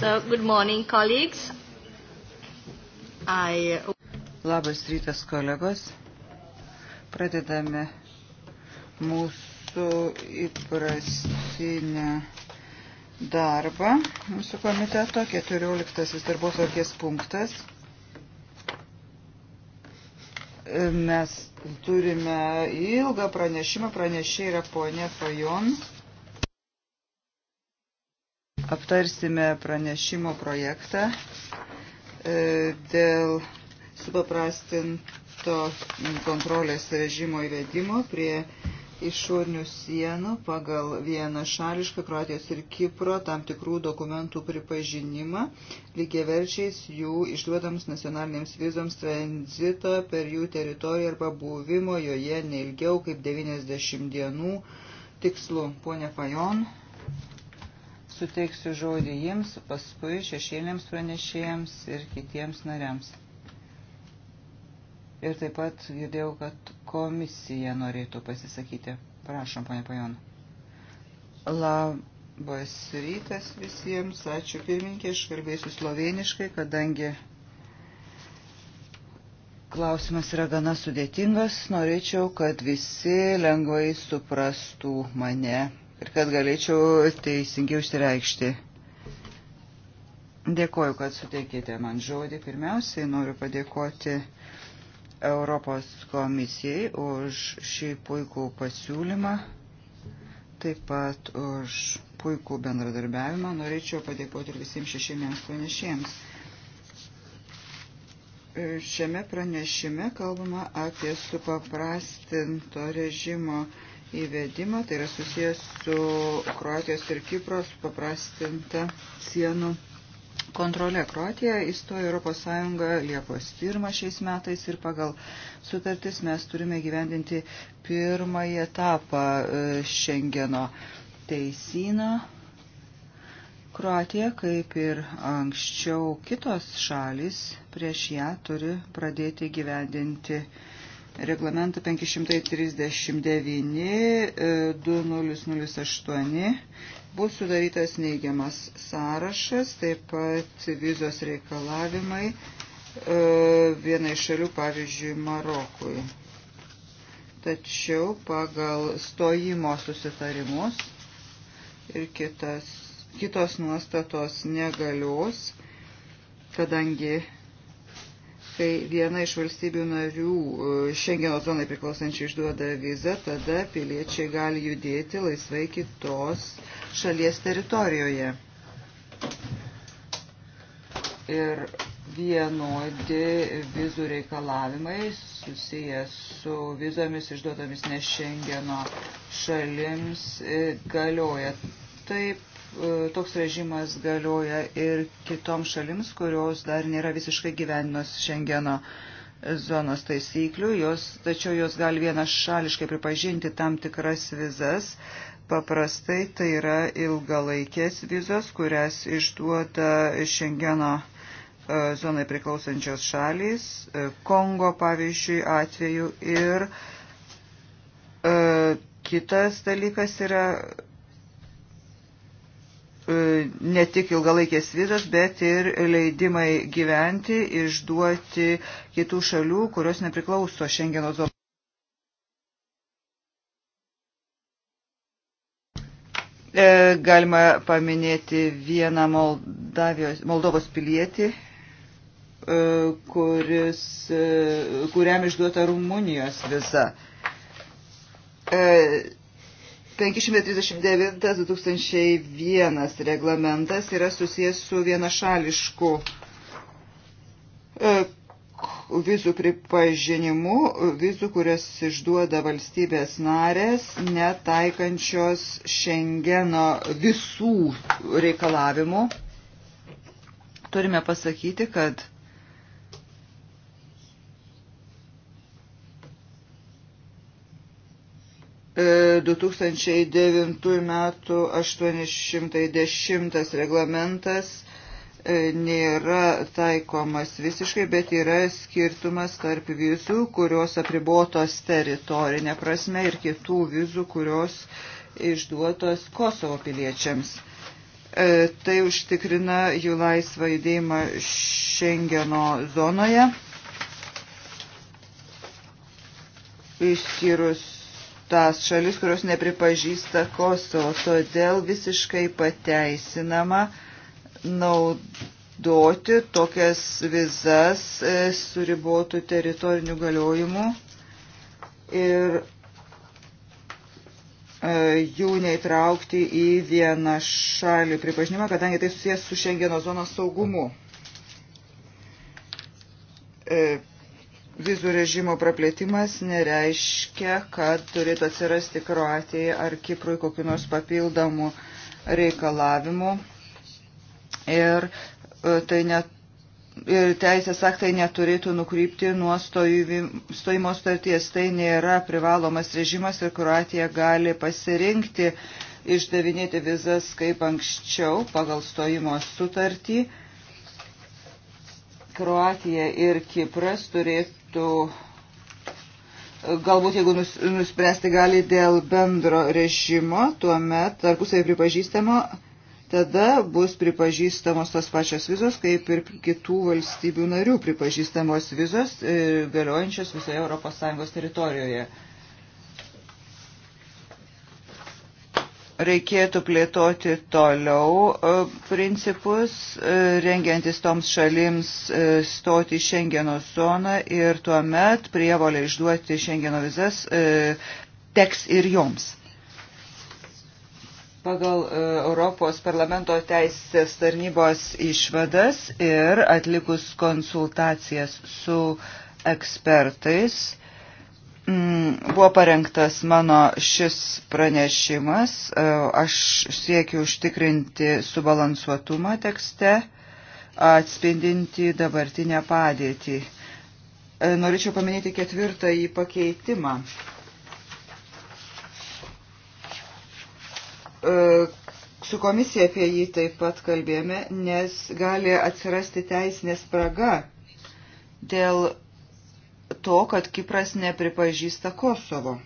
So, good morning, colleagues. I... Labas rytas, kolegos. Pradedame mūsų įprastinę darbą. Mūsų komiteto 14 darbo tvarkės punktas mes turime ilgą pranešimą, pranešė yra ponė Fajon aptarsime pranešimo projektą e, dėl supaprastinto kontrolės režimo įvedimo prie išorinių sienų pagal vieną šališką Kroatijos ir Kipro tam tikrų dokumentų pripažinimą lygiaverčiais jų išduodams nacionalinėms vizoms tranzito per jų teritoriją arba buvimo joje neilgiau kaip 90 dienų tikslu. Pone Fajon. Suteiksiu žodį jiems, paskui šešėlėms pranešėjams ir kitiems nariams. Ir taip pat girdėjau, kad komisija norėtų pasisakyti. Prašom, ponė Pajon. Labas rytas visiems. Ačiū pirmininkė, aš kalbėsiu sloveniškai, kadangi klausimas yra gana sudėtingas. Norėčiau, kad visi lengvai suprastų mane ir kad galėčiau teisingiau išsireikšti. Dėkoju, kad suteikėte man žodį. Pirmiausiai noriu padėkoti Europos komisijai už šį puikų pasiūlymą, taip pat už puikų bendradarbiavimą. Norėčiau padėkoti ir visiems šešėmiems pranešėjams. Šiame pranešime kalbama apie supaprastinto režimo įvedimą, tai yra susijęs su Kroatijos ir Kipros paprastinta sienų kontrolė. Kroatija įstojo Europos Sąjungą Liepos 1 šiais metais ir pagal sutartis mes turime gyvendinti pirmąjį etapą Šengeno e, teisino. Kroatija, kaip ir anksčiau kitos šalis, prieš ją turi pradėti gyvendinti uh, reglamento e, 539-2008 bus sudarytas neigiamas sąrašas, taip pat vizos reikalavimai e, vienai šalių, pavyzdžiui, Marokui. Tačiau pagal stojimo susitarimus ir kitas, kitos nuostatos negalios, kadangi kai viena iš valstybių narių e, Šengeno zonai priklausančių išduoda vizą, tada piliečiai gali judėti laisvai kitos šalies teritorijoje. Ir vienodi vizų reikalavimai susijęs su vizomis išduotomis ne Šengeno šalims e, galioja. Taip E, toks režimas galioja ir kitoms šalims, kurios dar nėra visiškai gyvenimas Šengeno zonos taisyklių, jos, tačiau jos gali vienašališkai pripažinti tam tikras vizas. Paprastai tai yra ilgalaikės vizos, kurias išduoda Šengeno e, zonai priklausančios šalys, e, Kongo pavyzdžiui atveju ir e, kitas dalykas yra E, ne tik ilgalaikės vizos, bet ir leidimai gyventi, išduoti kitų šalių, kurios nepriklauso Šengeno zonos. E, galima paminėti vieną Moldavijos, Moldovos pilietį, e, kuris, kuriam išduota Rumunijos viza 539-2001 reglamentas yra susijęs su vienašališku e, vizų pripažinimu, vizų, kurias išduoda valstybės narės, netaikančios Šengeno visų reikalavimų. Turime pasakyti, kad 2009 metų 810 reglamentas e, nėra taikomas visiškai, bet yra skirtumas tarp vizų, kurios apribotos teritorinė prasme ir kitų vizų, kurios išduotos Kosovo piliečiams. E, tai užtikrina jų laisvą judėjimą Šengeno zonoje, išskyrus tas šalis, kurios nepripažįsta Kosovo. Todėl visiškai pateisinama naudoti tokias vizas e, su ribotų teritorinių galiojimų ir e, jų neįtraukti į vieną šalį pripažinimą, kadangi tai susijęs su Šengeno zonos saugumu. E, vizų režimo praplėtimas nereiškia, kad turėtų atsirasti Kroatijai ar Kiprui kokiu nors papildomu reikalavimu. Ir, e, tai net, ir teisės aktai neturėtų nukrypti nuo stojimo starties. Tai nėra privalomas režimas ir Kroatija gali pasirinkti išdavinėti vizas kaip anksčiau pagal stojimo sutartį. Kroatija ir Kipras turėtų reikėtų galbūt jeigu nus, nuspręsti gali dėl bendro režimo, tuomet tarpusavį pripažįstamo, tada bus pripažįstamos tos pačios vizos, kaip ir kitų valstybių narių pripažįstamos vizos e, galiojančios visoje ES teritorijoje. reikėtų plėtoti toliau e, principus, e, rengiantis toms šalims e, stoti į Šengeno zoną ir tuo met prievolė išduoti Šengeno vizas teks ir joms. Pagal Europos parlamento teisės tarnybos išvadas ir atlikus konsultacijas su ekspertais, Mm, buvo parengtas mano šis pranešimas. E, aš siekiu užtikrinti subalansuotumą tekste, atspindinti dabartinę padėtį. E, norėčiau paminėti ketvirtąjį pakeitimą. E, su komisija apie jį taip pat kalbėjome, nes gali atsirasti teisinė spraga dėl to, kad Kipras nepripažįsta Kosovo.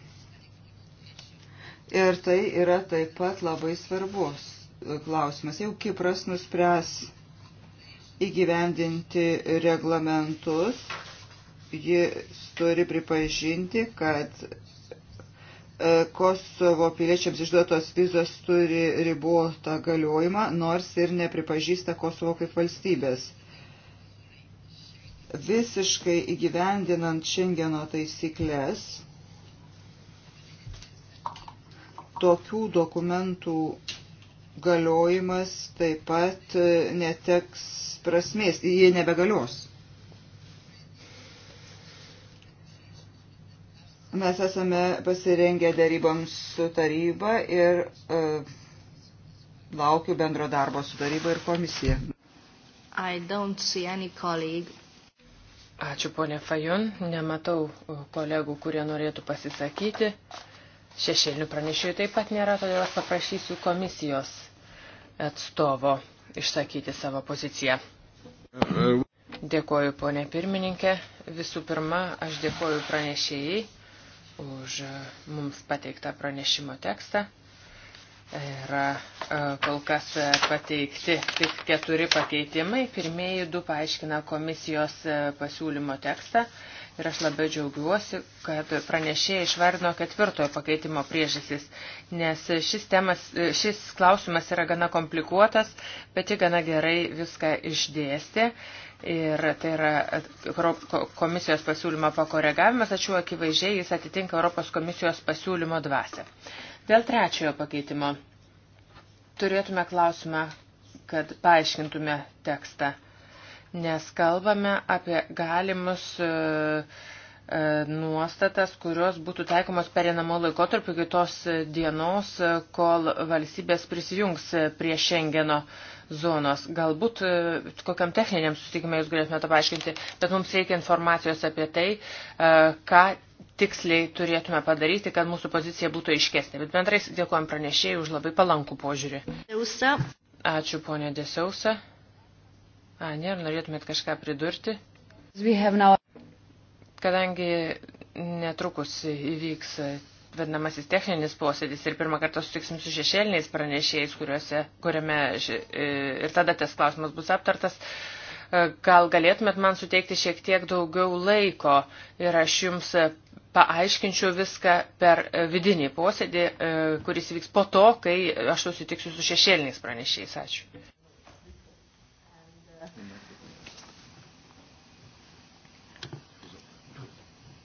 Ir tai yra taip pat labai svarbus klausimas. Jau Kipras nuspręs įgyvendinti reglamentus, jis turi pripažinti, kad e, Kosovo piliečiams išduotos vizos turi ribotą galiojimą, nors ir nepripažįsta Kosovo kaip valstybės visiškai įgyvendinant Šengeno taisyklės, tokių dokumentų galiojimas taip pat neteks prasmės, jie nebegalios. Mes esame pasirengę daryboms su taryba ir e, laukiu bendro darbo su taryba ir komisija. I don't see any colleague Ačiū, ponė Fajon. Nematau uh, kolegų, kurie norėtų pasisakyti. Šešėlinių pranešėjų taip pat nėra, todėl aš paprašysiu komisijos atstovo išsakyti savo poziciją. Dėkoju, ponė pirmininkė. Visų pirma, aš dėkoju pranešėjai už uh, mums pateiktą pranešimo tekstą. Yra e, kol kas e, pateikti tik keturi pakeitimai. Pirmieji du paaiškina komisijos e, pasiūlymo tekstą. Ir aš labai džiaugiuosi, kad pranešėjai išvardino ketvirtojo pakeitimo priežasis, nes šis, temas, šis klausimas yra gana komplikuotas, bet ji gana gerai viską išdėstė. Ir tai yra komisijos pasiūlymo pakoregavimas, tačiau akivaizdžiai jis atitinka Europos komisijos pasiūlymo dvasę. Dėl trečiojo pakeitimo. Turėtume klausimą, kad paaiškintume tekstą, nes kalbame apie galimus e, e, nuostatas, kurios būtų taikomos perinamo laikotarpio kitos dienos, e, kol valstybės prisijungs e, prie Šengeno zonos. Galbūt e, kokiam techniniam susitikimui jūs galėtumėte paaiškinti, bet mums reikia informacijos apie tai, ką tiksliai turėtume padaryti, kad mūsų pozicija būtų aiškesnė. Bet bendrai dėkojom pranešėjai už labai palankų požiūrį. Dėusa. Ačiū, ponė Dėsiausa. A, ne, ar norėtumėt kažką pridurti? Now... Kadangi netrukus įvyks vadinamasis techninis posėdis ir pirmą kartą sutiksim su šešėliniais pranešėjais, kuriuose, kuriame ši, e, ir tada tas klausimas bus aptartas, Gal galėtumėt man suteikti šiek tiek daugiau laiko ir aš jums paaiškinčiau viską per vidinį posėdį, e, kuris vyks po to, kai aš susitiksiu su šešėliniais pranešiais. Ačiū.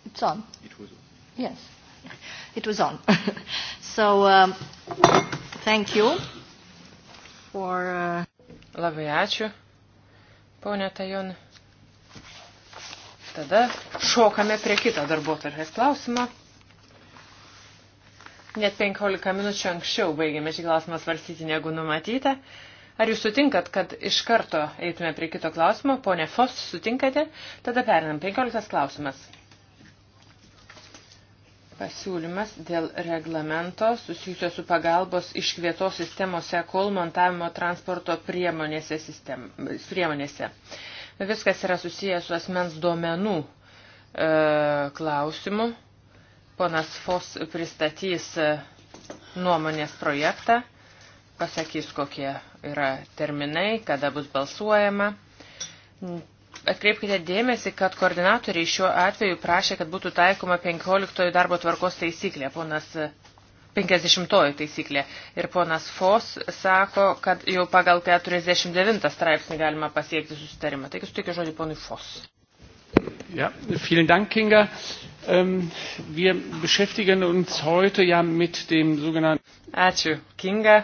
It's on. It was on. Yes, it was on. so, um, thank you for. Uh... Labai ačiū. Pone Tajon, tada šokame prie kito darbo tarhės klausimo. Net 15 minučių anksčiau baigėme šį klausimą svarstyti negu numatyta. Ar jūs sutinkat, kad iš karto eitume prie kito klausimo? Pone Fos, sutinkate? Tada perinam. 15 klausimas pasiūlymas dėl reglamento susijusio su pagalbos iškvietos sistemose, kol montavimo transporto priemonėse. Sistem, priemonėse. Viskas yra susijęs su asmens duomenų e, klausimu. Ponas Fos pristatys e, nuomonės projektą, pasakys, kokie yra terminai, kada bus balsuojama. Atkreipkite dėmesį, kad koordinatoriai šiuo atveju prašė, kad būtų taikoma 15 darbo tvarkos taisyklė, ponas 50 taisyklė. Ir ponas Fos sako, kad jau pagal 49 straipsnį galima pasiekti susitarimą. Taigi suteikiu žodį ponui Fos. Ja, vielen Dank, Kinga. Ähm, wir beschäftigen uns heute ja mit dem sogenannten. Ačiū, Kinga.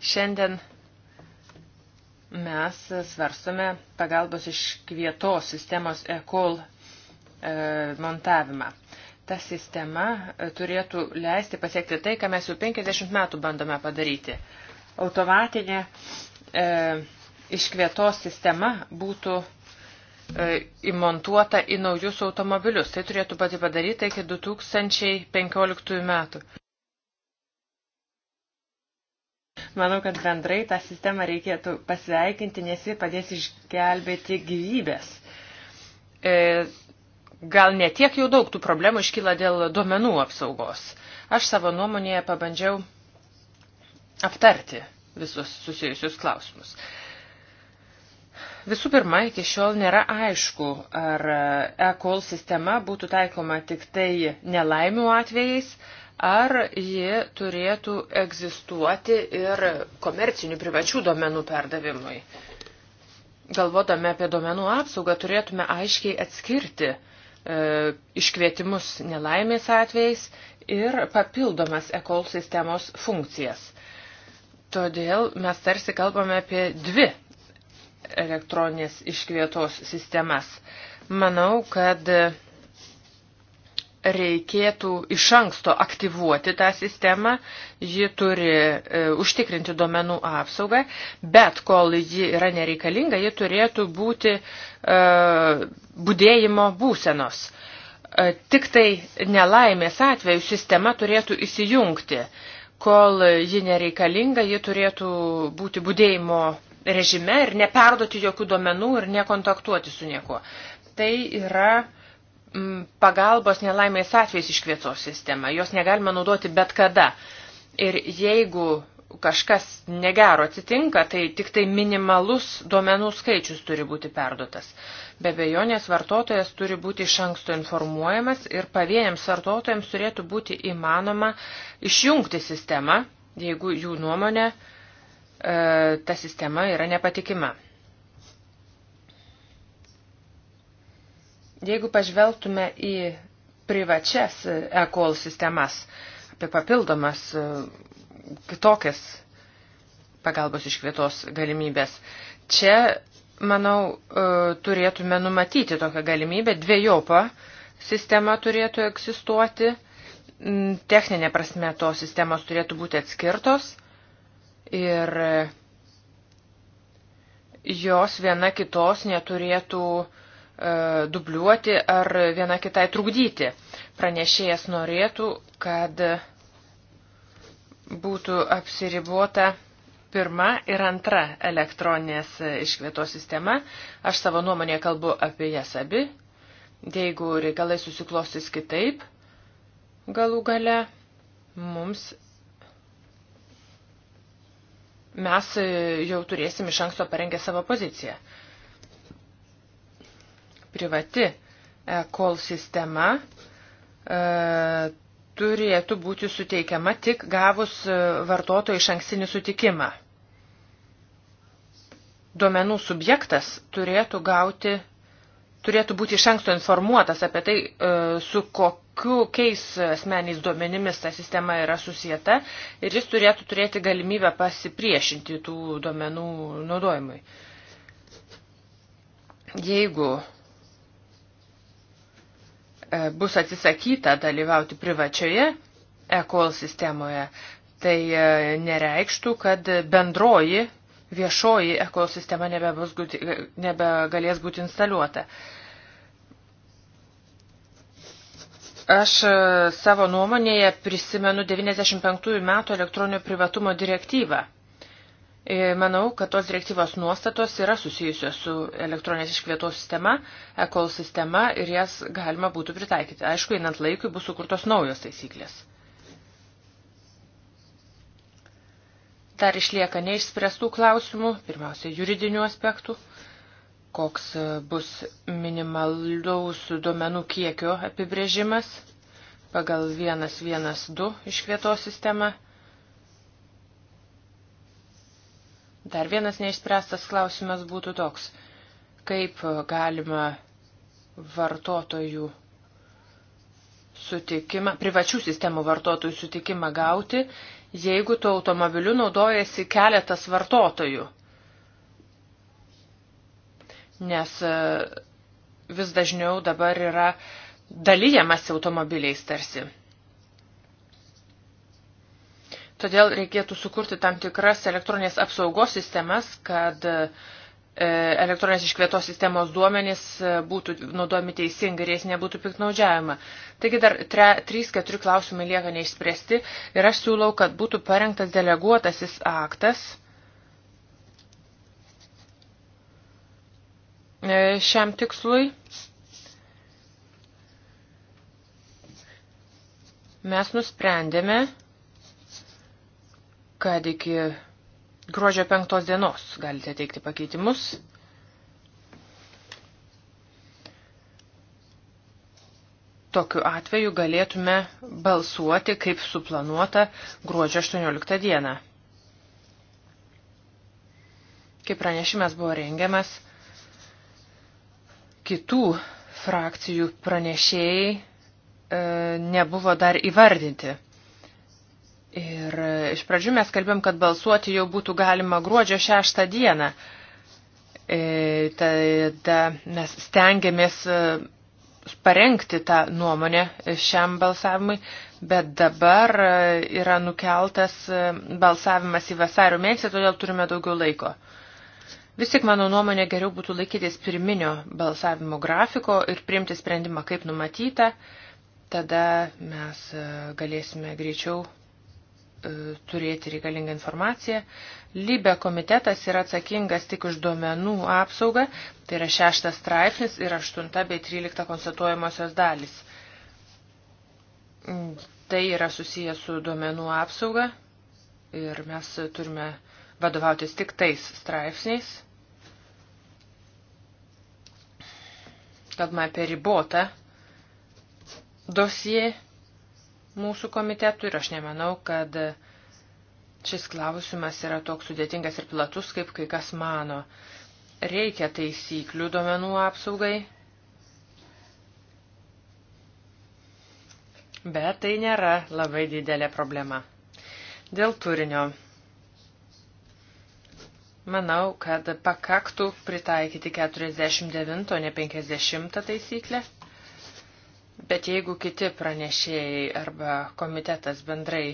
Šiandien mes svarstome pagalbos iš kvietos sistemos ECOL e, montavimą. Ta sistema e, turėtų leisti pasiekti tai, ką mes jau 50 metų bandome padaryti. Automatinė e, iškvietos sistema būtų e, įmontuota į naujus automobilius. Tai turėtų pati padaryta iki 2015 metų. Manau, kad bendrai tą sistemą reikėtų pasveikinti, nes ji padės išgelbėti gyvybės. E, gal netiek jau daug tų problemų iškyla dėl duomenų apsaugos. Aš savo nuomonėje pabandžiau aptarti visus susijusius klausimus. Visų pirma, iki šiol nėra aišku, ar e, e-call sistema būtų taikoma tik tai nelaimių atvejais, ar ji turėtų egzistuoti ir komercinių privačių domenų perdavimui. Galvodami apie domenų apsaugą turėtume aiškiai atskirti e, iškvietimus nelaimės atvejais ir papildomas ekol sistemos funkcijas. Todėl mes tarsi kalbame apie dvi elektroninės iškvietos sistemas. Manau, kad e, reikėtų iš anksto aktyvuoti tą sistemą, ji turi e, užtikrinti duomenų apsaugą, bet kol ji yra nereikalinga, ji turėtų būti e, būdėjimo būsenos. E, tik tai nelaimės atveju sistema turėtų įsijungti. Kol ji nereikalinga, ji turėtų būti būdėjimo režime ir neperduoti jokių duomenų ir nekontaktuoti su niekuo. Tai yra uh, pagalbos nelaimės atvejais iškvietos sistemą. Jos negalima naudoti bet kada. Ir jeigu kažkas negero atsitinka, tai tik tai minimalus duomenų skaičius turi būti perduotas. Be bejonės vartotojas turi būti iš anksto informuojamas ir pavieniams vartotojams turėtų būti įmanoma išjungti sistemą, jeigu jų nuomonė e, ta sistema yra nepatikima. Jeigu pažvelgtume į privačias e, e-call sistemas, apie papildomas e, kitokias pagalbos iškvietos galimybės, čia, manau, e, turėtume numatyti tokią galimybę, dviejopą sistema turėtų egzistuoti, mm, techninė prasme tos sistemos turėtų būti atskirtos ir jos viena kitos neturėtų uh, E, dubliuoti ar viena kitai trukdyti. Pranešėjas norėtų, kad būtų apsiribuota pirma ir antra elektroninės iškvietos sistema. Aš savo nuomonėje kalbu apie jas abi. Jeigu reikalai susiklostys kitaip, galų gale mums mes jau turėsim iš anksto parengę savo poziciją privati e-call sistema e, turėtų būti suteikiama tik gavus e, vartotojo iš ankstinį sutikimą. Duomenų subjektas turėtų gauti turėtų būti iš anksto informuotas apie tai, e, su kokiu keis asmeniais duomenimis ta sistema yra susijęta ir jis turėtų turėti galimybę pasipriešinti tų duomenų naudojimui. Jeigu E, bus atsisakyta dalyvauti privačioje e-call sistemoje, tai e, nereikštų, kad bendroji viešoji e-call sistema būti, e, nebegalės būti instaliuota. Aš savo nuomonėje prisimenu 95 metų elektroninio privatumo direktyvą. E, manau, kad tos direktyvos nuostatos yra susijusios su elektroninės iškvietos sistema, ekol sistema ir jas galima būtų pritaikyti. Aišku, einant laikui bus sukurtos naujos taisyklės. Dar išlieka neišspręstų klausimų, pirmiausia, juridinių aspektų, koks bus minimalaus duomenų kiekio apibrėžimas pagal 112 iškvietos sistemą. Dar vienas neišspręstas klausimas būtų toks, kaip galima vartotojų sutikimą, privačių sistemų vartotojų sutikimą gauti, jeigu tuo automobiliu naudojasi keletas vartotojų. Nes e, vis dažniau dabar yra dalyjamas automobiliais tarsi. Todėl reikėtų sukurti tam tikras elektroninės apsaugos sistemas, kad e, elektroninės iškvietos sistemos duomenys e, būtų naudojami teisingai ir jais nebūtų piknaudžiavima. Taigi dar 3-4 klausimai lieka neišspręsti ir aš siūlau, kad būtų parengtas deleguotasis aktas e, šiam tikslui. Mes nusprendėme kad iki gruodžio penktos dienos galite teikti pakeitimus. Tokiu atveju galėtume balsuoti, kaip suplanuota, gruodžio 18 dieną. Kai pranešimas buvo rengiamas, kitų frakcijų pranešėjai e, nebuvo dar įvardinti. Ir iš pradžių mes kalbėjom, kad balsuoti jau būtų galima gruodžio 6 dieną. E, tada mes stengiamės e, parengti tą nuomonę šiam balsavimui, bet dabar e, yra nukeltas e, balsavimas į vasario mėnesį, todėl turime daugiau laiko. Vis tik mano nuomonė geriau būtų laikytis pirminio balsavimo grafiko ir priimti sprendimą kaip numatyta, tada mes galėsime greičiau E, turėti reikalingą informaciją. Libe komitetas yra atsakingas tik už duomenų apsaugą, tai yra šeštas straipsnis ir aštunta bei trylikta konstatuojamosios dalis. Tai yra susijęs su duomenų apsauga ir mes turime vadovautis tik tais straipsniais. Kalbame apie ribotą dosiją mūsų komitetui ir aš nemanau, kad šis klausimas yra toks sudėtingas ir platus, kaip kai kas mano. Reikia taisyklių duomenų apsaugai, bet tai nėra labai didelė problema. Dėl turinio. Manau, kad pakaktų pritaikyti 49, o ne 50 taisyklę. Bet jeigu kiti pranešėjai arba komitetas bendrai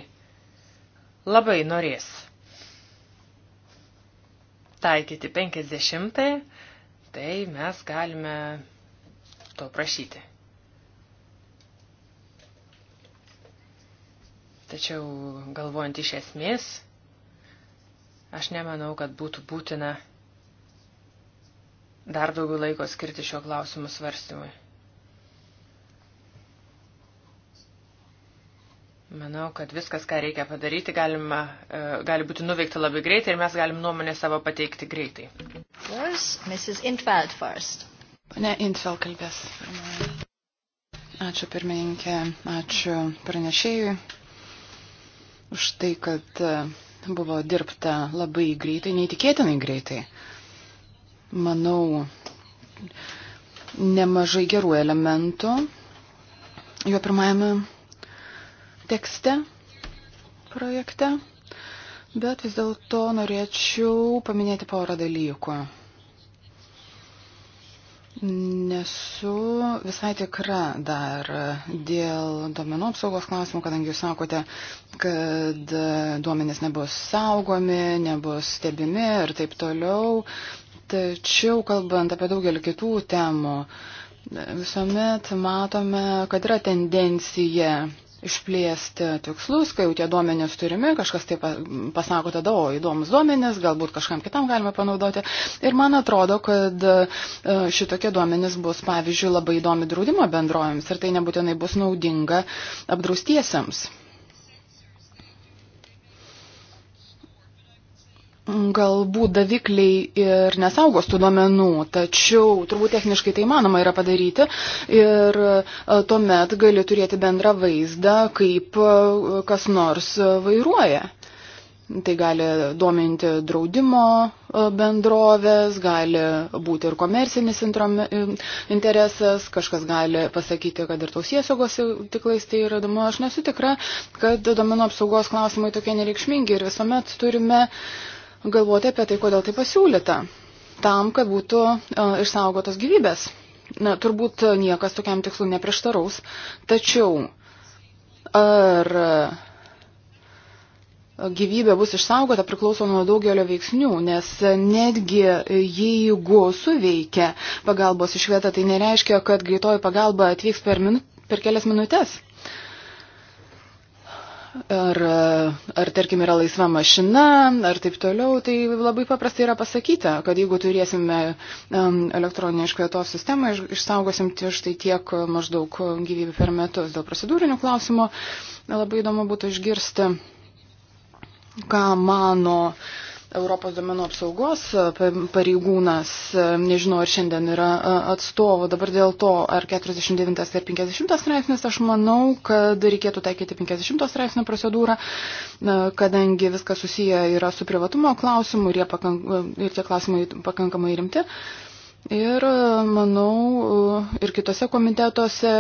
labai norės taikyti 50, tai mes galime to prašyti. Tačiau galvojant iš esmės, aš nemanau, kad būtų būtina dar daugiau laiko skirti šio klausimų svarstymui. Manau, kad viskas, ką reikia padaryti, galima, e, gali būti nuveikta labai greitai ir mes galim nuomonę savo pateikti greitai. Yours, Mrs. Intveld first. Pane Intveld kalbės. Ačiū pirmininkė, ačiū pranešėjui už tai, kad e, buvo dirbta labai greitai, neįtikėtinai greitai. Manau, nemažai gerų elementų jo pirmajame tekste, projekte, bet vis dėlto norėčiau paminėti porą dalykų. Nesu visai tikra dar dėl duomenų apsaugos klausimų, kadangi jūs sakote, kad duomenys nebus saugomi, nebus stebimi ir taip toliau. Tačiau, kalbant apie daugelį kitų temų, visuomet matome, kad yra tendencija išplėsti tikslus, kai jau tie duomenys turimi, kažkas taip pasako tada, o įdomus duomenys, galbūt kažkam kitam galime panaudoti. Ir man atrodo, kad e, šitokie duomenys bus, pavyzdžiui, labai įdomi draudimo bendrojams ir tai nebūtinai bus naudinga apdraustiesiems. galbūt davikliai ir nesaugos tų duomenų, tačiau turbūt techniškai tai manoma yra padaryti ir e, tuomet gali turėti bendrą vaizdą, kaip e, kas nors vairuoja. Tai gali duominti draudimo e, bendrovės, gali būti ir komersinis interesas, kažkas gali pasakyti, kad ir tausiesiogos tiklais tai yra įdomu. Aš nesu tikra, kad duomenų apsaugos klausimai tokie nereikšmingi ir visuomet turime uh, galvoti apie tai, kodėl tai pasiūlyta. Tam, kad būtų e, išsaugotos gyvybės. Na, turbūt niekas tokiam tikslu neprieštaraus. Tačiau ar gyvybė bus išsaugota priklauso nuo daugelio veiksnių, nes netgi jeigu suveikia pagalbos išvieta, tai nereiškia, kad greitoji pagalba atvyks per, minu, per kelias minutės ar, ar tarkim yra laisva mašina, ar taip toliau, tai labai paprastai yra pasakyta, kad jeigu turėsime elektroninę iškvietos sistemą, išsaugosim štai tiek maždaug gyvybių per metus. Dėl procedūrinių klausimų labai įdomu būtų išgirsti, ką mano uh, Europos domenų apsaugos e, pareigūnas, e, nežinau, ar šiandien yra e, atstovo. Dabar dėl to, ar 49 ar 50 straipsnis, aš manau, kad reikėtų taikyti 50 straipsnio procedūrą, kadangi viskas susiję yra su privatumo klausimu ir, pakank, ir tie klausimai pakankamai rimti. Uh, Ir e, manau, e, ir kitose komitetuose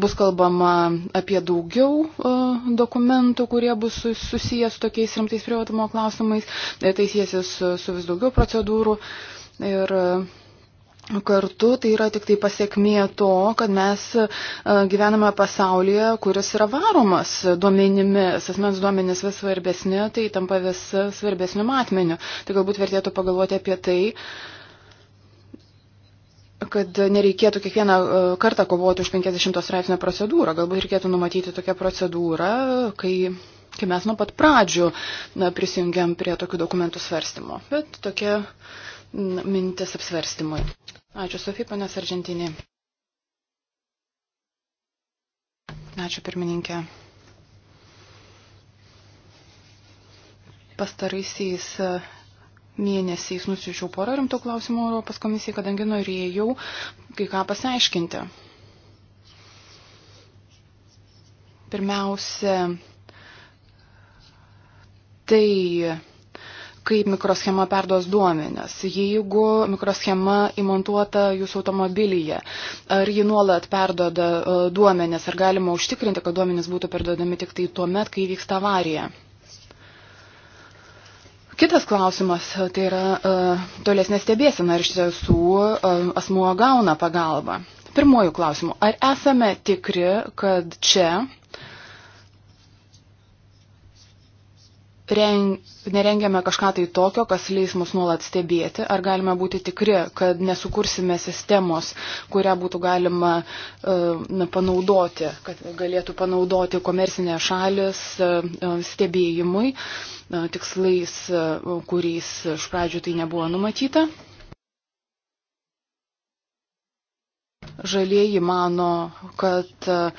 bus kalbama apie daugiau e, dokumentų, kurie bus susijęs tokiais rimtais privatumo klausimais, tai siejasi su vis daugiau procedūrų. Ir Kartu tai yra tik tai pasiekmė to, kad mes gyvename pasaulyje, kuris yra varomas duomenimis, asmens duomenis vis svarbesni, tai tampa vis svarbesniu matmeniu. Tai galbūt vertėtų pagalvoti apie tai, uh, kad nereikėtų kiekvieną e, kartą kovoti už 50 straipsnio procedūrą. Galbūt reikėtų numatyti tokią procedūrą, kai, kai mes nuo pat pradžių na, prisijungiam prie tokių dokumentų svarstymo. Bet tokia mintis apsvarstymui. Ačiū, Sofija, panas Argentinė. Ačiū, pirmininkė. Pastaraisiais mėnesiais nusiučiau porą rimtų klausimų Europos komisijai, kadangi norėjau kai ką pasiaiškinti. Pirmiausia, tai kaip mikroschema perduos duomenis. Jeigu mikroschema įmontuota jūsų automobilyje, ar ji nuolat perdoda e, duomenis, ar galima užtikrinti, kad duomenis būtų perduodami tik tai tuo met, kai vyksta avarija. Kitas klausimas e, tai yra e, tolesnė stebėsena, ar iš tiesų e, asmuo gauna pagalbą. Pirmojų klausimų. Ar esame tikri, kad čia reng, nerengiame kažką tai tokio, kas leis mus nuolat stebėti, ar galime būti tikri, kad nesukursime sistemos, kurią būtų galima e, na, panaudoti, kad galėtų panaudoti komercinė šalis e, e, stebėjimui, tikslais, kuriais iš pradžių tai nebuvo numatyta. Žalieji mano, kad e,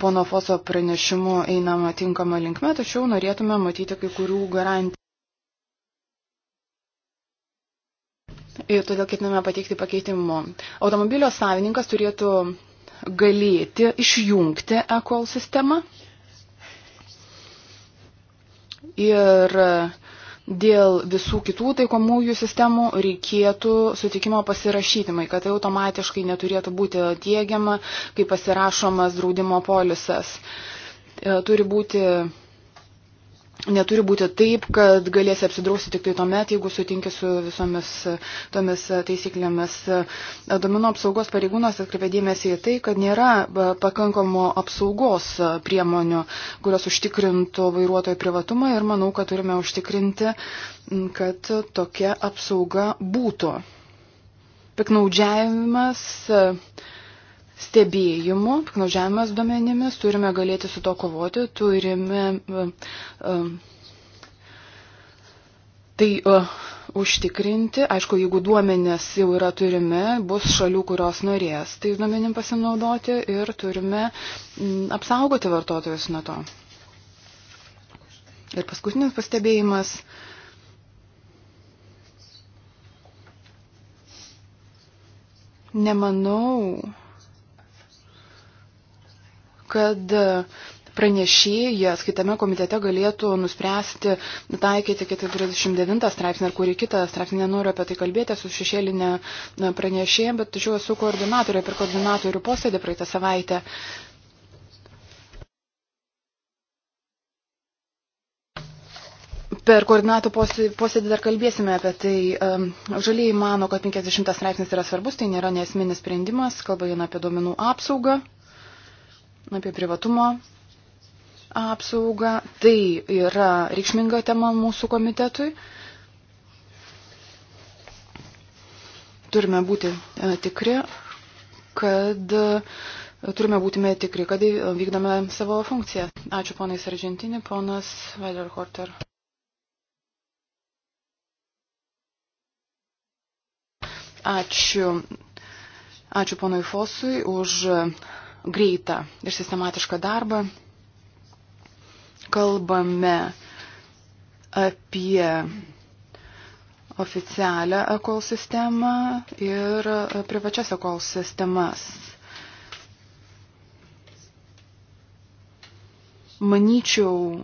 pono Foso pranešimu einama tinkama linkme, tačiau norėtume matyti kai kurių garantijų. Ir todėl ketiname pateikti pakeitimu. Automobilio savininkas turėtų galėti išjungti ekol sistemą. Ir uh, dėl visų kitų taikomųjų sistemų reikėtų sutikimo pasirašytimai, kad tai automatiškai neturėtų būti dėgiama, kai pasirašomas draudimo polisas. E, turi būti neturi būti taip, kad galėsi apsidrausti tik tai tuomet, jeigu sutinki su visomis tomis taisyklėmis. Domino apsaugos pareigūnas atkreipė dėmesį į tai, kad nėra pakankamo apsaugos priemonių, kurios užtikrintų vairuotojo privatumą ir manau, kad turime užtikrinti, kad tokia apsauga būtų. Piknaudžiavimas stebėjimu, piknaudžiavimas duomenimis, turime galėti su to kovoti, turime e, e, tai e, užtikrinti. Aišku, jeigu duomenės jau yra turimi, bus šalių, kurios norės tai duomenim pasinaudoti ir turime apsaugoti vartotojus nuo to. Ir paskutinis pastebėjimas. Nemanau, kad pranešėjas kitame komitete galėtų nuspręsti taikyti 49 straipsnį ar kurį kitą straipsnį, nenoriu apie tai kalbėti, su šešėlinė pranešėja, bet tačiau esu koordinatorė per koordinatorių posėdį praeitą savaitę. Per koordinatų posėdį dar kalbėsime apie tai. Žalieji mano, kad 50 straipsnis yra svarbus, tai nėra nesminis sprendimas, kalba eina apie duomenų apsaugą apie privatumo apsaugą. Tai yra reikšminga tema mūsų komitetui. Turime būti e, tikri, kad e, turime būtume tikri, kad e, vykdome savo funkciją. Ačiū ponai Sargentinį, ponas Weilerhorter. Ačiū. Ačiū ponui Fosui už greitą ir sistematišką darbą. Kalbame apie oficialią ekosistemą ir privačias ekosistemas. Manyčiau,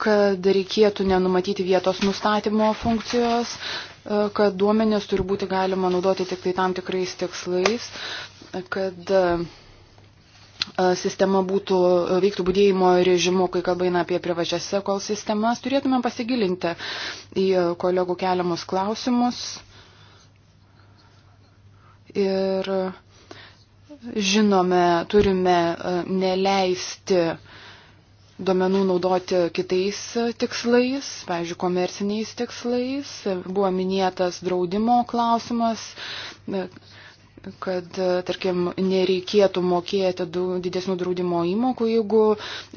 kad reikėtų nenumatyti vietos nustatymo funkcijos, kad duomenės turi būti galima naudoti tik tai tam tikrais tikslais, kad E, sistema būtų, e, veiktų būdėjimo režimu, kai kalba eina apie privačias sekol sistemas, turėtumėm pasigilinti į e, kolegų keliamus klausimus. Ir žinome, turime neleisti duomenų naudoti kitais tikslais, pavyzdžiui, komerciniais tikslais. Buvo minėtas draudimo klausimas kad, e, tarkim, nereikėtų mokėti didesnių draudimo įmokų, jeigu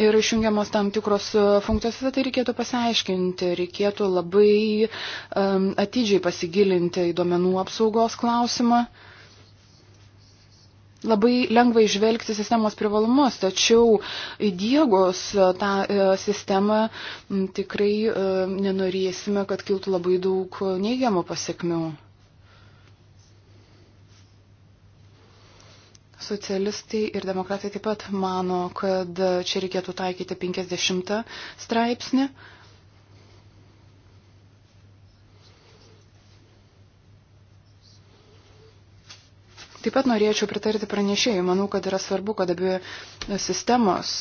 yra išjungiamos tam tikros e, funkcijos, tai reikėtų pasiaiškinti, reikėtų labai um, atidžiai pasigilinti į duomenų apsaugos klausimą. Labai lengva išvelgti sistemos privalumus, tačiau įdėgos e, tą sistemą tikrai nenorėsime, kad kiltų labai daug neigiamų pasiekmių. Socialistai ir demokratai taip pat mano, kad čia reikėtų taikyti 50 straipsnį. Taip pat norėčiau pritarti pranešėjai. Manau, kad yra svarbu, kad abi sistemos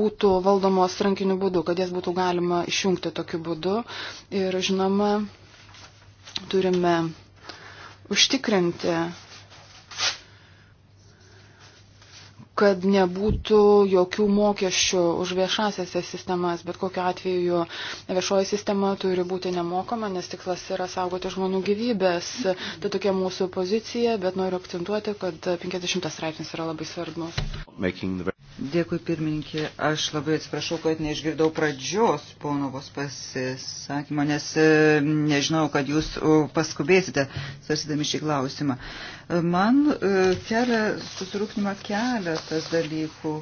būtų valdomos rankiniu būdu, kad jas būtų galima išjungti tokiu būdu. Ir žinoma, turime užtikrinti, kad nebūtų jokių mokesčių už viešasias sistemas, bet kokiu atveju viešoji sistema turi būti nemokama, nes tikslas yra saugoti žmonių gyvybės. Tai tokia mūsų pozicija, bet noriu akcentuoti, kad 50 straipsnis yra labai svarbus. Dėkui pirmininkė, aš labai atsiprašau, kad neišgirdau pradžios ponovos pasisakymą, nes e, nežinau, kad jūs e, paskubėsite, svarsydami šį klausimą. E, man kelia susirūpnimą keletas dalykų.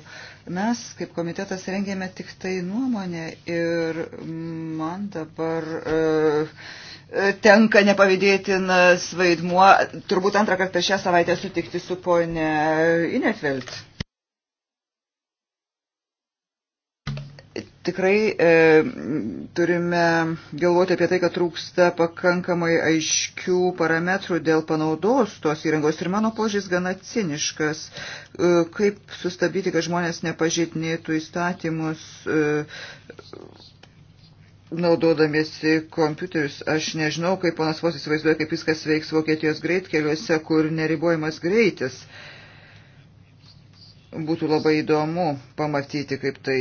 Mes kaip komitetas rengėme tik tai nuomonę ir man dabar. Uh, tenka nepavydėtinas vaidmuo, turbūt antrą kartą šią savaitę sutikti su ponė Inetvelt. tikrai e, turime galvoti apie tai, kad trūksta pakankamai aiškių parametrų dėl panaudos tos įrangos. Ir mano požiūris gana ciniškas, e, kaip sustabdyti, kad žmonės nepažeidinėtų įstatymus. E, naudodamiesi kompiuterius. Aš nežinau, kaip ponas Vos įsivaizduoja, kaip viskas veiks Vokietijos greitkeliuose, kur neribojamas greitis. E, Būtų labai įdomu pamatyti, kaip tai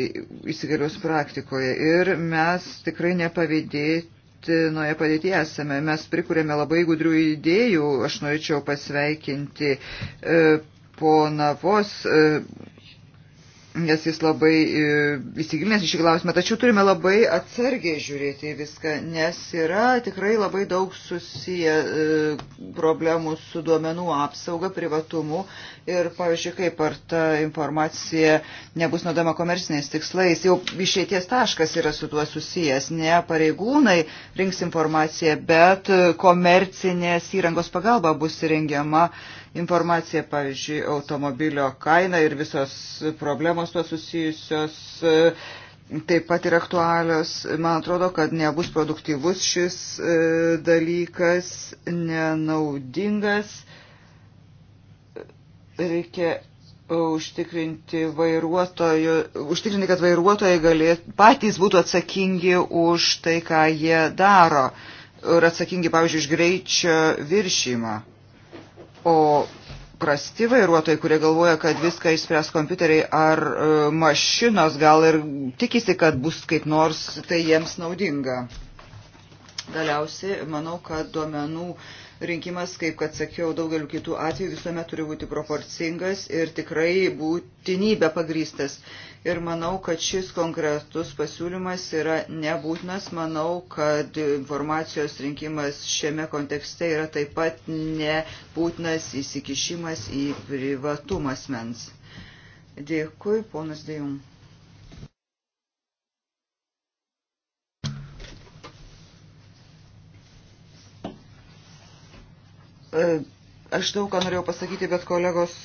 įsigalios praktikoje. Ir mes tikrai nepavydėtinoje padėtyje esame. Mes prikūrėme labai gudrių idėjų. Aš norėčiau pasveikinti e, poną Vos. E, nes jis labai e, įsigilinęs į šį klausimą, tačiau turime labai atsargiai žiūrėti į viską, nes yra tikrai labai daug susiję e, problemų su duomenų apsauga, privatumu ir, pavyzdžiui, kaip ar ta informacija nebus naudama komerciniais tikslais, jau išeities taškas yra su tuo susijęs, ne pareigūnai rinks informaciją, bet komercinės įrangos pagalba bus rengiama informacija, pavyzdžiui, automobilio kaina ir visos problemos tuo susijusios e, taip pat ir aktualios. Man atrodo, kad nebus produktyvus šis e, dalykas, nenaudingas. Reikia užtikrinti vairuotojų, užtikrinti, kad vairuotojai galėt, patys būtų atsakingi už tai, ką jie daro ir atsakingi, pavyzdžiui, už greičio viršymą. O prasti vairuotojai, kurie galvoja, kad viską išspręs kompiuteriai ar e, mašinos, gal ir tikisi, kad bus kaip nors tai jiems naudinga. Galiausiai, manau, kad duomenų rinkimas, kaip kad sakiau, daugeliu kitų atvejų visuomet turi būti proporcingas ir tikrai būtinybė pagrystas ir manau, kad šis konkretus pasiūlymas yra nebūtinas. Manau, kad informacijos rinkimas šiame kontekste yra taip pat nebūtinas įsikišimas į privatumą asmens. Dėkui, ponas Dėjum. E, aš daug ką norėjau pasakyti, bet kolegos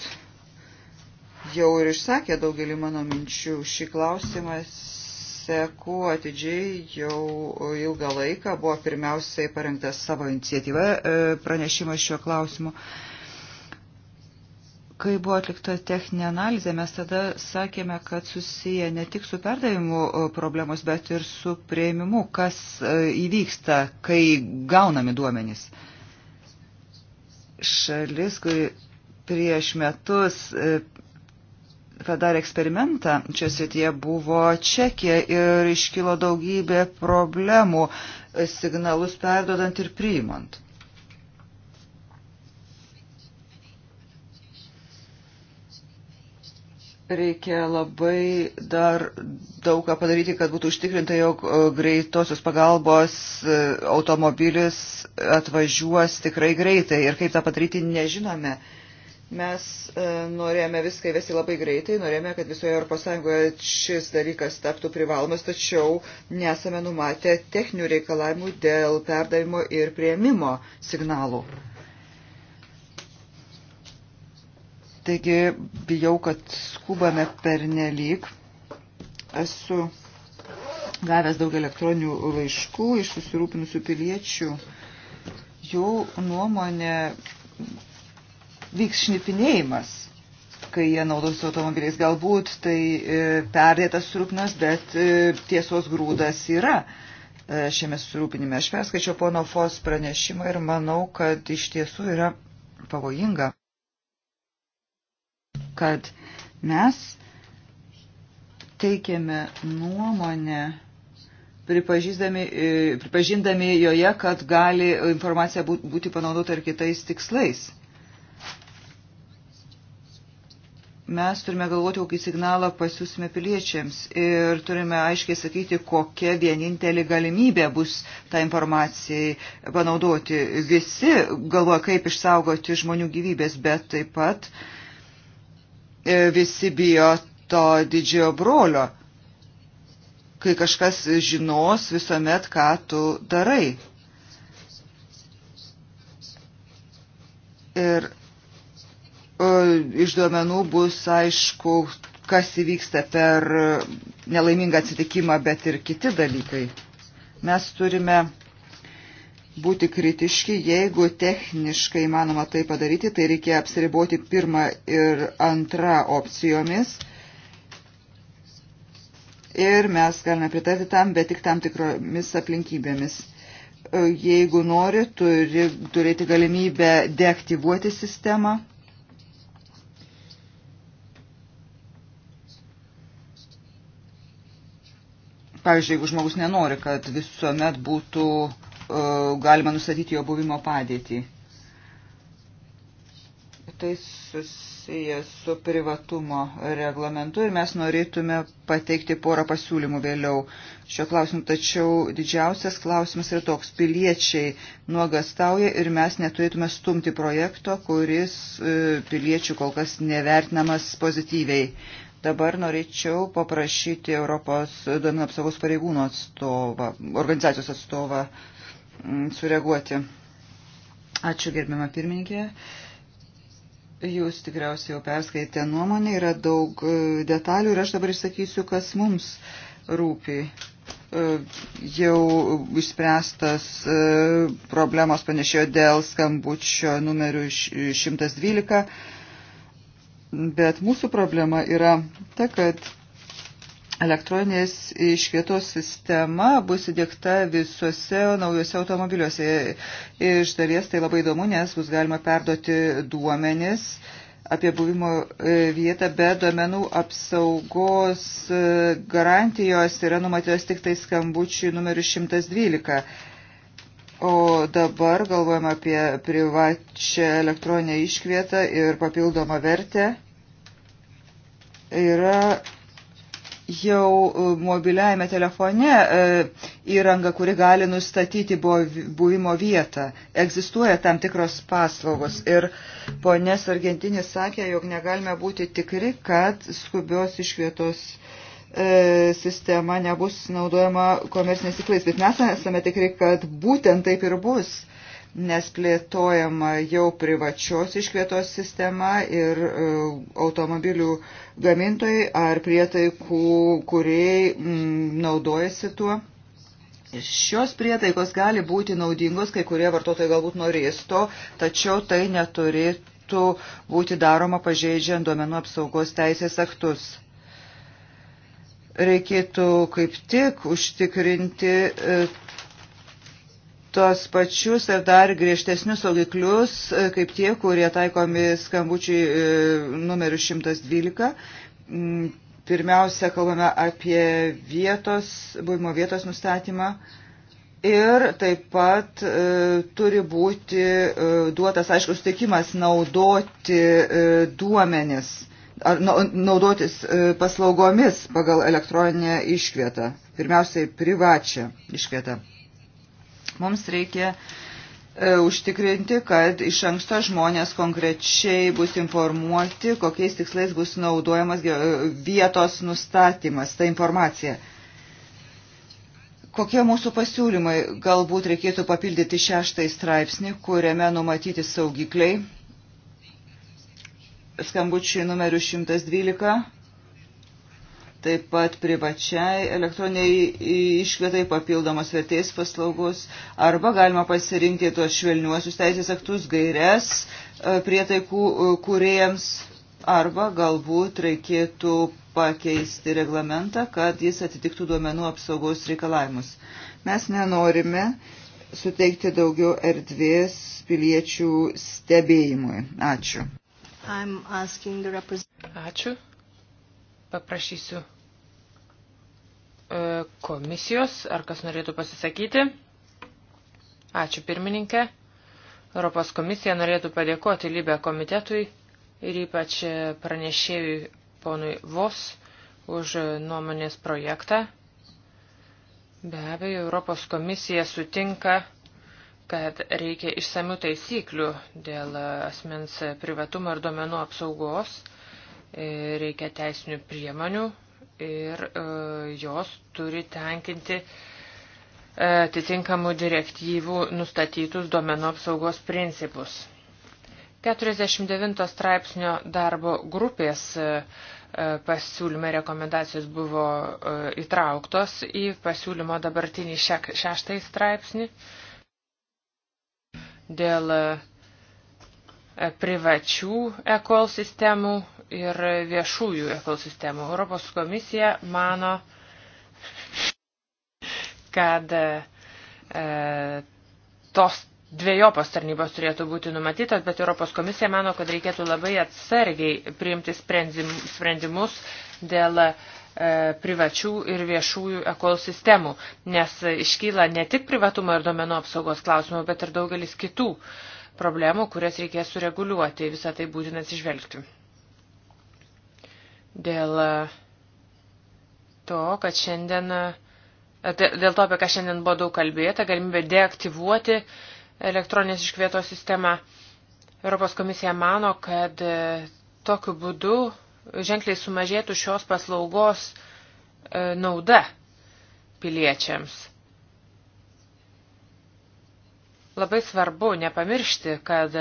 jau ir išsakė daugelį mano minčių. Šį klausimą seku atidžiai jau ilgą laiką. Buvo pirmiausiai parengtas savo iniciatyva e, pranešimas šiuo klausimu. Kai buvo atlikta techninė analizė, mes tada sakėme, kad susiję ne tik su perdavimu e, problemos, bet ir su prieimimu, kas e, įvyksta, kai gaunami duomenys. Šalis, kuri prieš metus padarė eksperimentą čia srityje buvo Čekija ir iškilo daugybė problemų signalus perdodant ir priimant. Reikia labai dar daug ką padaryti, kad būtų užtikrinta, jog e, greitosios pagalbos e, automobilis atvažiuos tikrai greitai. Ir kaip tą padaryti, nežinome. Uh, Mes e, norėjome viską įvesti labai greitai, norėjome, kad visoje Europos Sąjungoje šis dalykas taptų privalomas, tačiau nesame numatę techninių reikalavimų dėl perdavimo ir prieimimo signalų. Taigi bijau, kad skubame per nelik. Esu gavęs daug elektroninių laiškų iš susirūpinusių piliečių. Jų nuomonė vyks šnipinėjimas, kai jie naudosi automobiliais. Galbūt tai e, perdėtas surūpinas, bet e, tiesos grūdas yra e, šiame surūpinime. Aš perskaičiau pono Fos pranešimą ir manau, kad iš tiesų yra pavojinga, kad mes teikėme nuomonę pripažindami joje, kad gali informacija būti panaudota ir kitais tikslais. mes turime galvoti, kokį signalą pasiūsime piliečiams ir turime aiškiai sakyti, kokia vienintelė galimybė bus tą informaciją panaudoti. Visi galvoja, kaip išsaugoti žmonių gyvybės, bet taip pat e, visi bijo to didžiojo brolio, kai kažkas žinos visuomet, ką tu darai. Ir E, iš duomenų bus aišku, kas įvyksta per nelaimingą atsitikimą, bet ir kiti dalykai. Mes turime būti kritiški, jeigu techniškai manoma tai padaryti, tai reikia apsiriboti pirmą ir antrą opcijomis. Ir mes galime pritarti tam, bet tik tam tikromis aplinkybėmis e, jeigu nori, turi turėti galimybę deaktyvuoti sistemą pavyzdžiui, jeigu žmogus nenori, kad visuomet būtų uh, galima nustatyti jo buvimo padėtį. Tai susijęs su privatumo reglamentu ir mes norėtume pateikti porą pasiūlymų vėliau šio klausimu. Tačiau didžiausias klausimas yra toks. Piliečiai nuogastauja ir mes neturėtume stumti projekto, kuris uh, piliečių kol kas nevertinamas pozityviai. Uh, Dabar norėčiau paprašyti Europos duomenų apsaugos pareigūnų atstovą, organizacijos atstovą mm, sureaguoti. Ačiū gerbiamą pirmininkę. Jūs tikriausiai jau perskaitėte nuomonę, yra daug e, detalių ir aš dabar išsakysiu, kas mums rūpi. E, jau išspręstas e, problemos panešėjo dėl skambučio numerių 112 Bet mūsų problema yra ta, kad elektroninės išvietos sistema bus įdėkta visuose naujose automobiliuose. Iš dalies tai labai įdomu, nes bus galima perduoti duomenis apie buvimo e, vietą, bet duomenų apsaugos e, garantijos yra numatytos tik tai skambučių numeriu 112. O dabar galvojam apie privačią elektroninę iškvietą ir papildomą vertę. Yra jau mobiliajame telefone e, įranga, kuri gali nustatyti buvimo vietą. Egzistuoja tam tikros paslaugos. Ir ponės Argentinis sakė, jog negalime būti tikri, kad skubios iškvietos E, sistema nebus naudojama komerciniais tiklais, bet mes esame tikri, kad būtent taip ir bus, nes plėtojama jau privačios iškvietos sistema ir e, automobilių gamintojai ar prietaikų, kuriai mm, naudojasi tuo. Šios prietaikos gali būti naudingos, kai kurie vartotojai galbūt norės to, tačiau tai neturėtų būti daroma pažeidžiant duomenų apsaugos teisės aktus reikėtų kaip tik užtikrinti e, tos pačius ir dar griežtesnius saugiklius, e, kaip tie, kurie taikomi skambučiai e, numeriu 112. Mm, pirmiausia, kalbame apie vietos, buvimo vietos nustatymą. Ir taip pat e, turi būti e, duotas aiškus sutikimas naudoti e, duomenis ar naudotis e, paslaugomis pagal elektroninę iškvietą, pirmiausiai privačią iškvietą. Mums reikia e, užtikrinti, kad iš anksto žmonės konkrečiai bus informuoti, kokiais tikslais bus naudojamas vietos nustatymas, ta informacija. Kokie mūsų pasiūlymai? Galbūt reikėtų papildyti šeštąjį straipsnį, kuriame numatyti saugikliai skambučiui numeriu 112, taip pat privačiai elektroniniai iškvietai papildomos vertės paslaugos, arba galima pasirinkti tuos švelniuosius teisės aktus, gairias e, prietaikų e, kūrėjams, arba galbūt reikėtų pakeisti reglamentą, kad jis atitiktų duomenų apsaugos reikalavimus. Mes nenorime suteikti daugiau erdvės piliečių stebėjimui. Ačiū. Ačiū. Paprašysiu e, komisijos, ar kas norėtų pasisakyti. Ačiū pirmininkė. Europos komisija norėtų padėkoti Libė komitetui ir ypač pranešėjui ponui Vos už nuomonės projektą. Be abejo, Europos komisija sutinka kad reikia išsamių taisyklių dėl asmens privatumo ir duomenų apsaugos, reikia teisinių priemonių ir e, jos turi tenkinti e, atitinkamų direktyvų nustatytus duomenų apsaugos principus. 49 straipsnio darbo grupės e, pasiūlyme rekomendacijos buvo įtrauktos į pasiūlymo dabartinį šeštąjį straipsnį dėl e, e, privačių ekosistemų ir viešųjų ekosistemų. Europos komisija mano, kad e, e, tos dviejopos tarnybos turėtų būti numatytos, bet Europos komisija mano, kad reikėtų labai atsargiai priimti sprendimus dėl e, E, privačių ir viešųjų ekosistemų, nes iškyla ne tik privatumo ir domenų apsaugos klausimų, bet ir daugelis kitų problemų, kurias reikės sureguliuoti, visą tai būtina atsižvelgti. Dėl e, to, kad šiandien, e, dėl to, apie ką šiandien buvo daug kalbėta, galimybė deaktyvuoti elektroninės iškvietos sistemą, Europos komisija mano, kad tokiu būdu ženkliai sumažėtų šios paslaugos e, nauda piliečiams. Labai svarbu nepamiršti, kad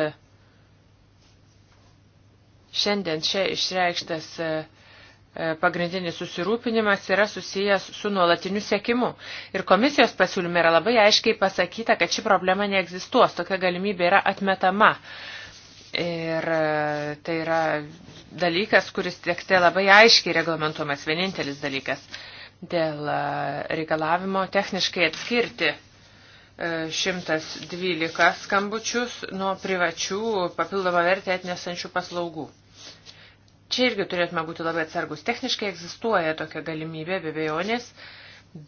šiandien čia išreikštas e, e, pagrindinis susirūpinimas yra susijęs su nuolatiniu sėkimu. Ir komisijos pasiūlyme yra labai aiškiai pasakyta, kad ši problema neegzistuos, tokia galimybė yra atmetama. Ir e, tai yra dalykas, kuris tekste labai aiškiai reglamentuomas, vienintelis dalykas dėl e, reikalavimo techniškai atskirti 112 e, skambučius nuo privačių papildomą vertę atnesančių paslaugų. Čia irgi turėtume būti labai atsargus. Techniškai egzistuoja tokia galimybė be bejonės,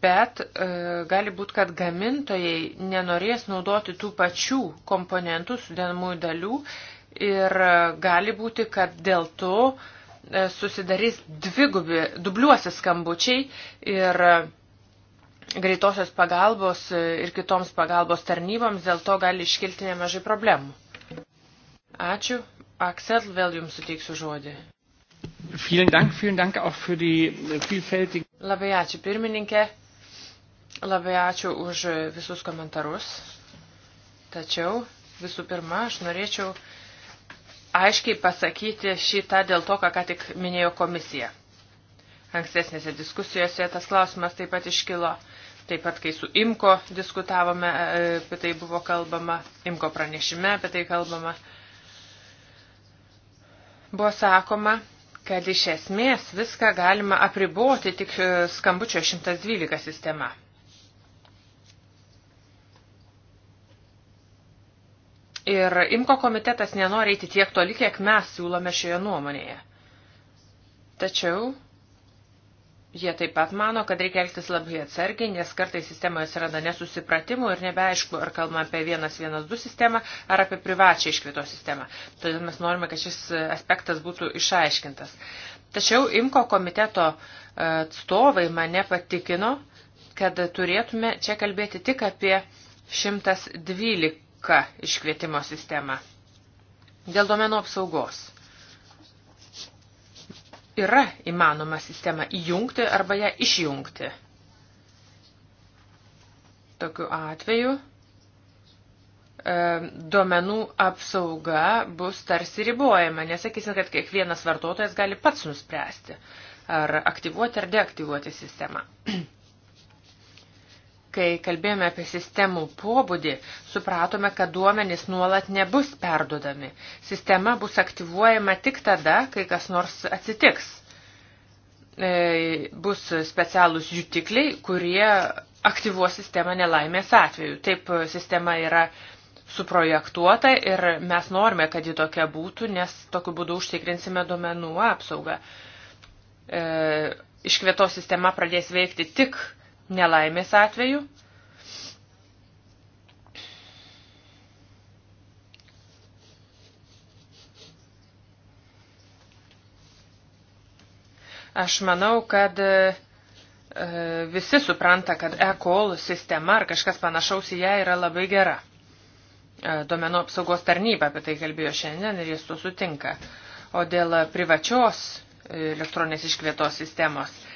bet e, gali būti, kad gamintojai nenorės naudoti tų pačių komponentų sudėdamųjų dalių, e, ir gali būti, kad dėl to e, susidarys dvigubi, dubliuosi skambučiai ir e, greitosios pagalbos e, ir kitoms pagalbos tarnyboms dėl to gali iškilti nemažai problemų. Ačiū. Aksel, vėl jums suteiksiu žodį. Vielen Dank, vielen Dank auch für die äh, vielfältigen. Labai ačiū pirmininkė, labai ačiū už visus komentarus. Tačiau visų pirma, aš norėčiau aiškiai pasakyti šitą dėl to, ką, ką tik minėjo komisija. Ankstesnėse diskusijose tas klausimas taip pat iškilo. Taip pat, kai su IMKO diskutavome, e, apie tai buvo kalbama, IMKO pranešime apie tai kalbama, buvo sakoma, kad iš esmės viską galima apriboti tik e, skambučio 112 sistema. Ir IMKO komitetas nenori eiti tiek toli, kiek mes siūlome šioje nuomonėje. Tačiau jie taip pat mano, kad reikia elgtis labai atsargiai, nes kartai sistemoje atsiranda nesusipratimų ir nebeaišku, ar kalbame apie 112 sistemą, ar apie privačią iškvieto sistemą. Todėl mes norime, kad šis aspektas būtų išaiškintas. Tačiau IMKO komiteto e, atstovai mane patikino, kad turėtume čia kalbėti tik apie 112 K iškvietimo sistemą. Dėl domenų apsaugos. Yra įmanoma sistemą įjungti arba ją išjungti. Tokiu atveju e, duomenų apsauga bus tarsi ribojama, nesakysim, kad kiekvienas vartotojas gali pats nuspręsti, ar aktyvuoti ar deaktyvuoti sistemą. kai kalbėjome apie sistemų pobūdį, supratome, kad duomenys nuolat nebus perdodami. Sistema bus aktyvuojama tik tada, kai kas nors atsitiks. E, bus specialūs jutikliai, kurie aktyvuos sistemą nelaimės atveju. Taip sistema yra suprojektuota ir mes norime, kad ji tokia būtų, nes tokiu būdu užtikrinsime duomenų apsaugą. E, iškvietos sistema pradės veikti tik nelaimės atveju. Aš manau, kad e, e, visi supranta, kad e-call sistema ar kažkas panašaus į ją yra labai gera. E, Domenų apsaugos tarnyba apie tai kalbėjo šiandien ir jis to sutinka. O dėl privačios elektroninės iškvietos sistemos –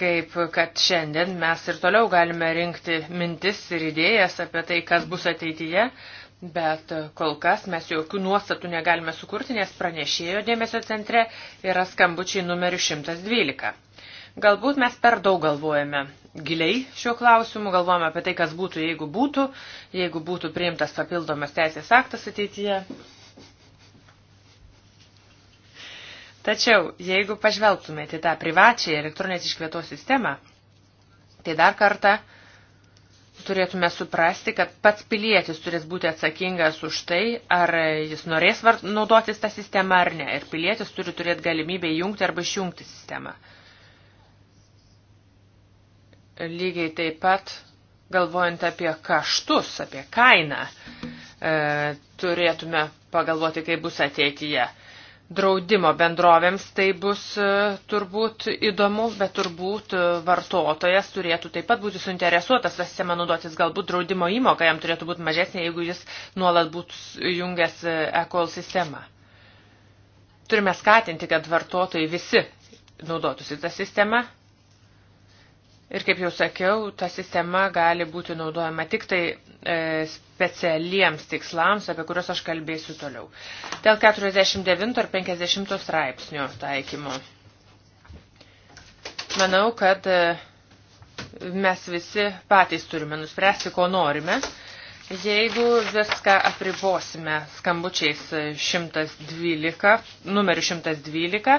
kaip kad šiandien mes ir toliau galime rinkti mintis ir idėjas apie tai, kas bus ateityje, bet kol kas mes jokių nuostatų negalime sukurti, nes pranešėjo dėmesio centre yra skambučiai numeriu 112. Galbūt mes per daug galvojame giliai šiuo klausimu, galvojame apie tai, kas būtų, jeigu būtų, jeigu būtų priimtas papildomas teisės aktas ateityje. Tačiau, jeigu pažvelgtumėte tą privačią elektroninės iškvietos sistemą, tai dar kartą turėtume suprasti, kad pats pilietis turės būti atsakingas už tai, ar jis norės naudotis tą sistemą ar ne. Ir pilietis turi turėti galimybę įjungti arba išjungti sistemą. Lygiai taip pat, galvojant apie kaštus, apie kainą, e, turėtume pagalvoti, kaip bus ateityje draudimo bendrovėms tai bus e, turbūt įdomu, bet turbūt e, vartotojas turėtų taip pat būti suinteresuotas tą sistemą naudotis. Galbūt draudimo įmoka jam turėtų būti mažesnė, jeigu jis nuolat būtų jungęs e, e-call sistemą. Turime skatinti, kad vartotojai visi naudotųsi tą sistemą. Ir kaip jau sakiau, ta sistema gali būti naudojama tik tai e, specialiems tikslams, apie kuriuos aš kalbėsiu toliau. Dėl 49 ar 50 straipsnio taikymo. Manau, kad e, mes visi patys turime nuspręsti, ko norime. Jeigu viską apribosime skambučiais 112, numeriu 112,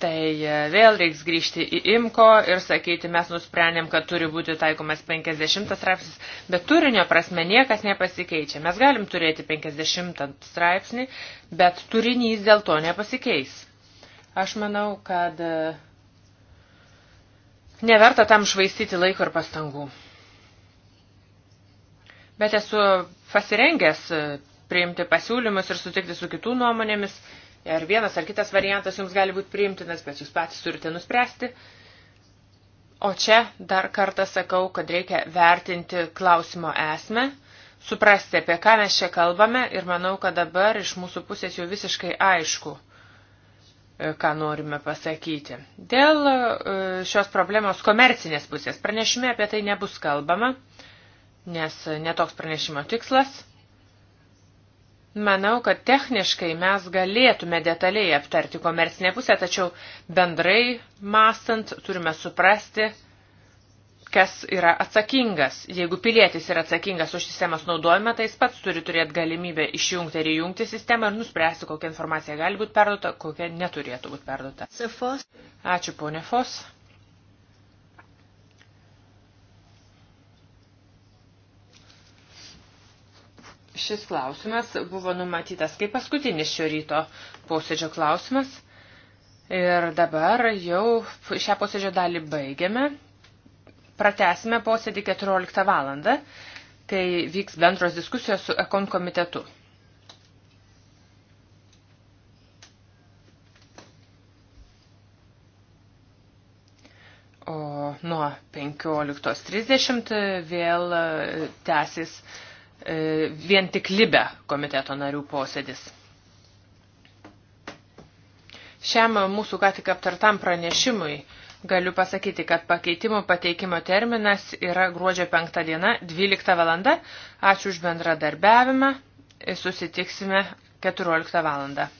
Tai e, vėl reiks grįžti į IMKO ir sakyti, mes nusprendėm, kad turi būti taikomas 50 straipsnis, bet turinio prasme niekas nepasikeičia. Mes galim turėti 50 straipsnį, bet turinys dėl to nepasikeis. Aš manau, kad e, neverta tam švaistyti laiko ir pastangų. Bet esu pasirengęs e, priimti pasiūlymus ir sutikti su kitų nuomonėmis Ar vienas ar kitas variantas jums gali būti priimtinas, bet jūs patys turite nuspręsti. O čia dar kartą sakau, kad reikia vertinti klausimo esmę, suprasti, apie ką mes čia kalbame ir manau, kad dabar iš mūsų pusės jau visiškai aišku, e, ką norime pasakyti. Dėl e, šios problemos komercinės pusės pranešime apie tai nebus kalbama, nes e, netoks pranešimo tikslas Manau, kad techniškai mes galėtume detaliai aptarti komercinę pusę, tačiau bendrai mastant turime suprasti, kas yra atsakingas. Jeigu pilietis yra atsakingas už sistemos naudojimą, tai jis pats turi turėti galimybę išjungti ir įjungti sistemą ir nuspręsti, kokia informacija gali būti perduota, kokia neturėtų būti perduota. Ačiū, ponė Fos. Šis klausimas buvo numatytas kaip paskutinis šio ryto posėdžio klausimas. Ir dabar jau šią posėdžio dalį baigiame. Pratesime posėdį 14 valandą, kai vyks bendros diskusijos su Ekon komitetu. O nuo 15.30 vėl tęsis E, vien tik libe komiteto narių posėdis. Šiam mūsų ką tik aptartam pranešimui galiu pasakyti, kad pakeitimų pateikimo terminas yra gruodžio 5 diena, 12 valanda. Ačiū už bendradarbiavimą. Susitiksime 14 valandą.